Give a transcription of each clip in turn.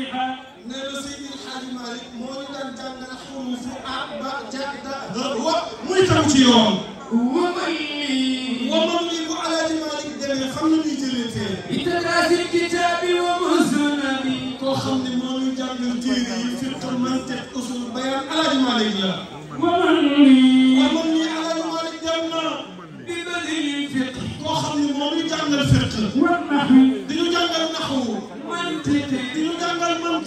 الفصيحة نبي سيدي الحاج مالك مولي دان جان حروف أ با جا دا هو موي تام سي يوم ومن لي ومن لي بو الحاج مالك دمي خمنا لي جلتي اتلاس الكتاب ومسلم كو خمني مولي جان تيري في المنطق اصول بيان الحاج مالك يا ومن لي ومن لي الحاج مالك جنة ببدل الفقه كو خمني مولي جان الفقه والنحو دينو جان النحو منطقي دينو جان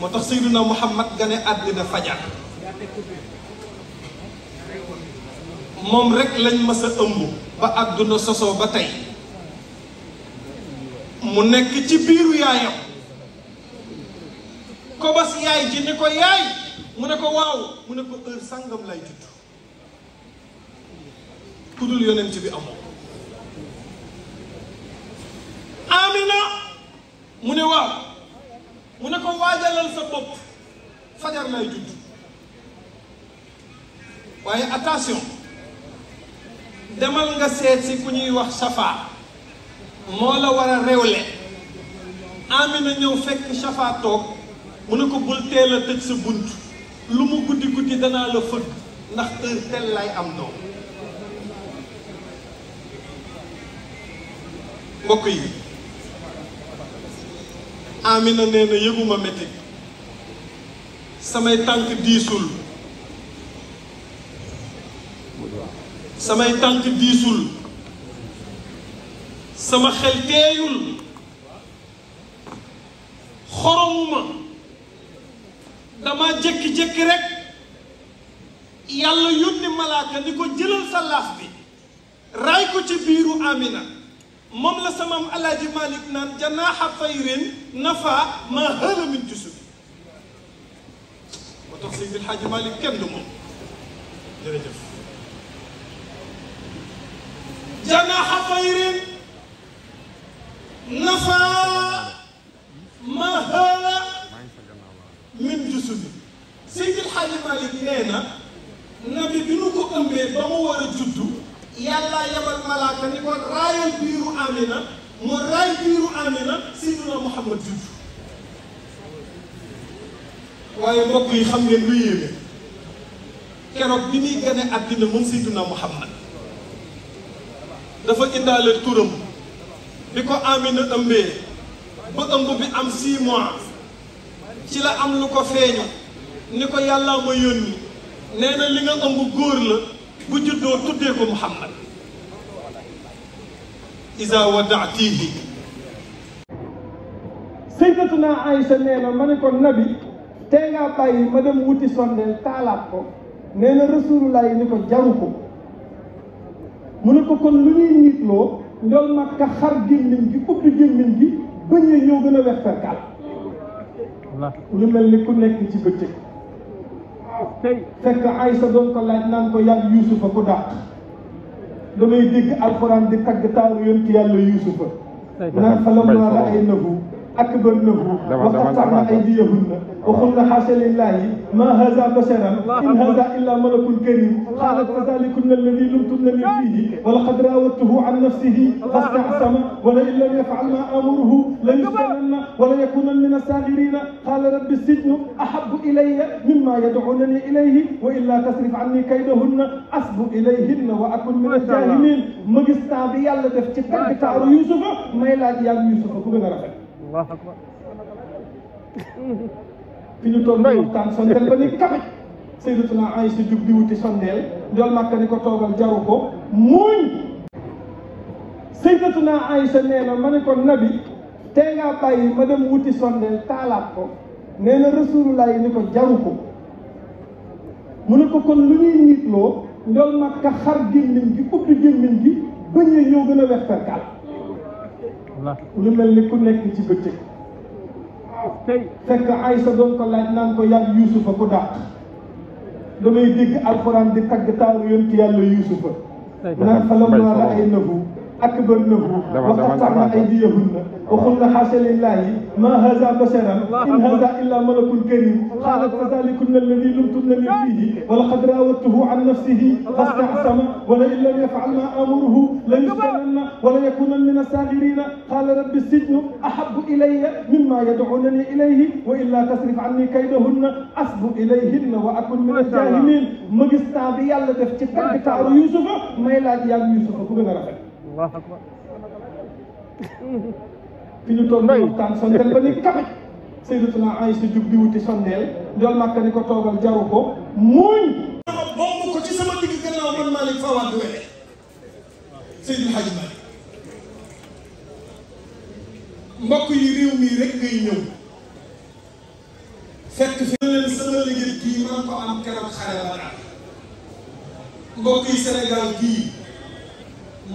moo tax Seydina Muhammad gane àddina fajar moom rek lañ mës a ëmb ba àdduna sosoo ba tey mu nekk ci biiru yaayam kobas yaay ji ni ko yaay mu ne ko waaw mu ne ko heure sàngam lay judd ku dul yonent bi amoo Amina mu ne waaw mu ne ko waajalal sa bopp fajar lay judd waaye attention demal nga seet si ku ñuy wax safa moo la war a réewle Amina ñëw fekk safa toog mu ne ko bul teel a tëj sa bunt lu mu guddi guddi danaa la fëgg ndax heure tel lay am doom mbokk yi Amina nee na yëguma metit samay tànk diisul samay tànk diisul sama xel teeyul xoromuma dama jékki-jékki rekk yàlla yónni malaaka ni ko jëlal sa laaf bi raay ko ci biiru Amina moom la sama am alaaji Malick naan janaaxa fayrin nafa maa hëla min jusub moo tax Seydi El Hadji min jusub Seydi El Hadji Malick nee na bi nu ko ba mu a juddu yàlla yabal malaaka ni kon raayal biiru Amina mu raay biiru Amina Seydina Muhammad judd waaye mbokk yi xam ngeen lu yéeme keroog bi muy gane àddina moom Seydina Muhammad dafa indaale turam bi ko Amina ëmbee ba ëmb bi am 6 ci la am lu ko feeñu ni ko yàllaa ma yónni nee na li nga ëmb góor la bu juddoo tuddee ko Muhammad isa wadaatihi sayyidatuna Aïcha nee na ma ne ko nabi tey ngaa bàyyi ma dem wuti sondeel taalaat ko nee na rasulullah ni ko jaru ko mu ne ko kon lu ñuy niitloo njool Makka xar gémmiñ gi ubbi gémmiñ gi bëñee ñoo gën a wex perkaal ñu mel ni ku nekk ci bëccëg fekk Aysa doon ko laaj naan ko yàgg Yuusufa ku dàq damay dégg alxuraan di tagg taaru yonent yàlla Yuusufa naan fa lammaa ra'aynahu akbar lahu wa qatta'na aydiyahunna wa qulna hasha lillahi ma hadha basharan in hadha illa malakun karim qalat fadhalikunna alladhi lumtunnani fihi wa laqad rawadtuhu an nafsihi fasta'sama wa la in lam yaf'al ma amuruhu la yusjananna wa la yakunanna min as-saghirina qala rabbi as-sijnu ahabbu ilayya mimma yad'unani ilayhi wa illa tasrif anni kaydahunna asbu ilayhinna wa akun min al-jahilin ma gis naa bi yàlla def ci tànk taaru Yuusufa may laaj yàlla Yuusufa ku gën a rafet waaw akbar fi ñu toog di waxtaan sondeel ba ni kamit Sayyidatuna Aïcha jug di wuti sondeel jool Makka ni ko toogal jaru ko muuñ Sayyidatuna Aïcha nee na ma ne ko nabi tey ngaa bàyyi ma dem wuti sondeel taalaat ko nee na Rasulullah yi ni ko jaru ko mu ne ko kon lu ñuy niitloo njool Makka xar gémmiñ gi ubbi gémmiñ gi bëñ ñoo gën a wex perkaal lu mel ni ku nekk ci bëccëg fekk Aysa doon ko laaj naan ko yàgg Yuusufa ku dàq damay dégg alxuraan di tagg taaru yonent yàlla Yuusufa naan falammaa ra'aynahu akbarnahu wa qatta'na aydiyahunna wa qulna haasha lillaahi maa haazaa basharan in haazaa illaa malakun kariim qaalat fazaalikunna allazii lumtunnanii fiihi wa laqad raawattuhu an nafsihi fasta'sama wa la in lam yaf'al maa amuruhu la yusjanan wala yakunan min as-saagiriina qaala rabbi sijnu ahabbu ilayya mimmaa yad'uunani ilayhi wa illaa tasrif anni kaydahunna asbu ilayhinna wa akun min al-jaahiliin ma gis naa bi yàlla def ci tagg taaru Yuusufa may laaj yàlla Yuusufa ku gën a rafet. Allaahu akbar. fi ñu toog ñu waxtaan sondeel ba ni kabaj Sayyidatuna Aïcha jug di wuti sondeel njool Màkka ni ko toogal jaru ko muuñ. dama bomb ko ci sama digg gannaaw man Malick Fawad Wele. Seydou Hadj Malick mbokk yi réew mi rek ngay ñëw fekk fi leen sama liggéey bii man ko am keroog xare la mbokk yi Sénégal bii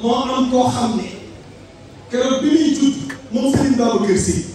moo am koo xam ne keroog bi muy judd moom